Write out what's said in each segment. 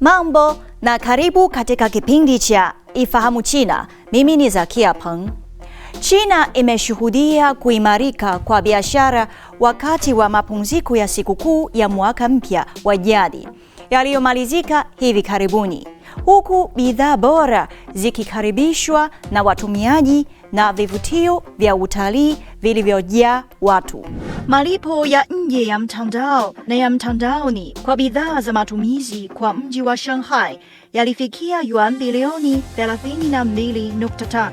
Mambo na karibu katika kipindi cha Ifahamu China. Mimi ni Zakia Peng. China imeshuhudia kuimarika kwa biashara wakati wa mapumziko ya sikukuu ya mwaka mpya wa jadi yaliyomalizika hivi karibuni, huku bidhaa bora zikikaribishwa na watumiaji na vivutio vya utalii vilivyojaa watu. Malipo ya nje ya mtandao na ya mtandaoni kwa bidhaa za matumizi kwa mji wa Shanghai yalifikia yuan bilioni 32.3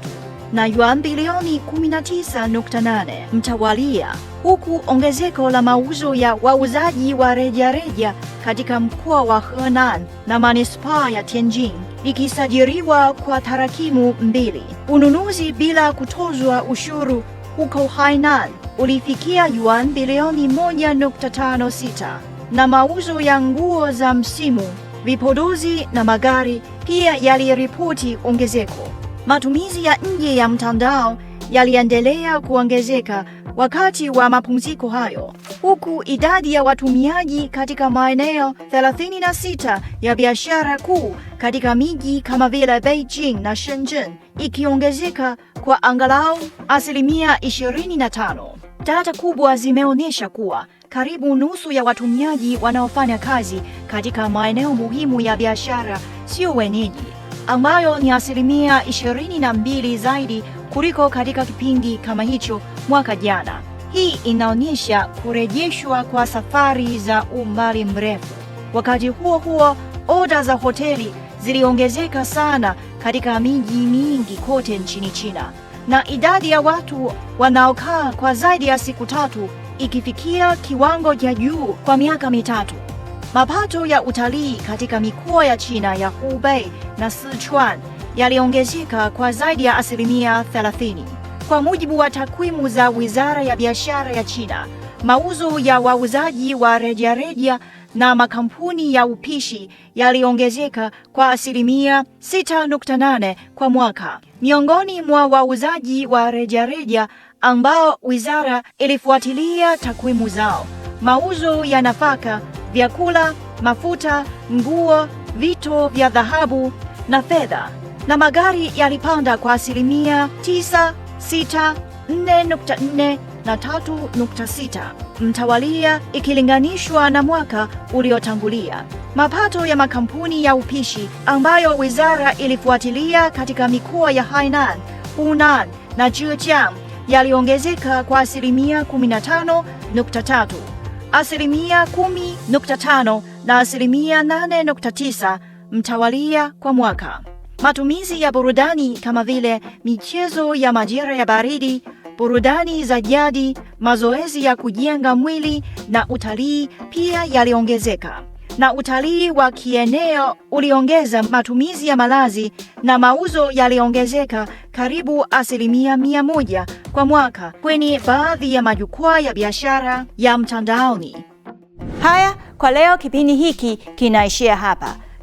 na yuan bilioni 19.8 mtawalia, huku ongezeko la mauzo ya wauzaji wa rejareja katika mkoa wa Henan na manispaa ya Tianjin ikisajiriwa kwa tarakimu mbili. Ununuzi bila kutozwa ushuru huko Hainan ulifikia yuan bilioni 1.56 na mauzo ya nguo za msimu, vipodozi na magari pia yaliripoti ongezeko. Matumizi ya nje ya mtandao yaliendelea kuongezeka wakati wa mapumziko hayo, huku idadi ya watumiaji katika maeneo 36 ya biashara kuu katika miji kama vile Beijing na Shenzhen ikiongezeka kwa angalau asilimia 25. Data kubwa zimeonyesha kuwa karibu nusu ya watumiaji wanaofanya kazi katika maeneo muhimu ya biashara sio wenyeji, ambayo ni asilimia 22 zaidi kuliko katika kipindi kama hicho mwaka jana. Hii inaonyesha kurejeshwa kwa safari za umbali mrefu. Wakati huo huo, oda za hoteli ziliongezeka sana katika miji mingi kote nchini China na idadi ya watu wanaokaa kwa zaidi ya siku tatu ikifikia kiwango cha juu kwa miaka mitatu. Mapato ya utalii katika mikoa ya China ya Hubei na Sichuan yaliongezeka kwa zaidi ya asilimia 30. Kwa mujibu wa takwimu za Wizara ya Biashara ya China, mauzo ya wauzaji wa rejareja na makampuni ya upishi yaliongezeka kwa asilimia 6.8 kwa mwaka. Miongoni mwa wauzaji wa rejareja ambao wizara ilifuatilia takwimu zao, mauzo ya nafaka, vyakula, mafuta, nguo, vito vya dhahabu na fedha na magari yalipanda kwa asilimia 9, 6, 4.4 na 3.6 mtawalia ikilinganishwa na mwaka uliotangulia. Mapato ya makampuni ya upishi ambayo wizara ilifuatilia katika mikoa ya Hainan, Hunan na Zhejiang yaliongezeka kwa asilimia 15.3, asilimia 10.5 na asilimia 8.9 mtawalia kwa mwaka. Matumizi ya burudani kama vile michezo ya majira ya baridi, burudani za jadi mazoezi ya kujenga mwili na utalii pia yaliongezeka, na utalii wa kieneo uliongeza matumizi ya malazi na mauzo yaliongezeka karibu asilimia mia moja kwa mwaka kwenye baadhi ya majukwaa ya biashara ya mtandaoni. Haya, kwa leo kipindi hiki kinaishia hapa.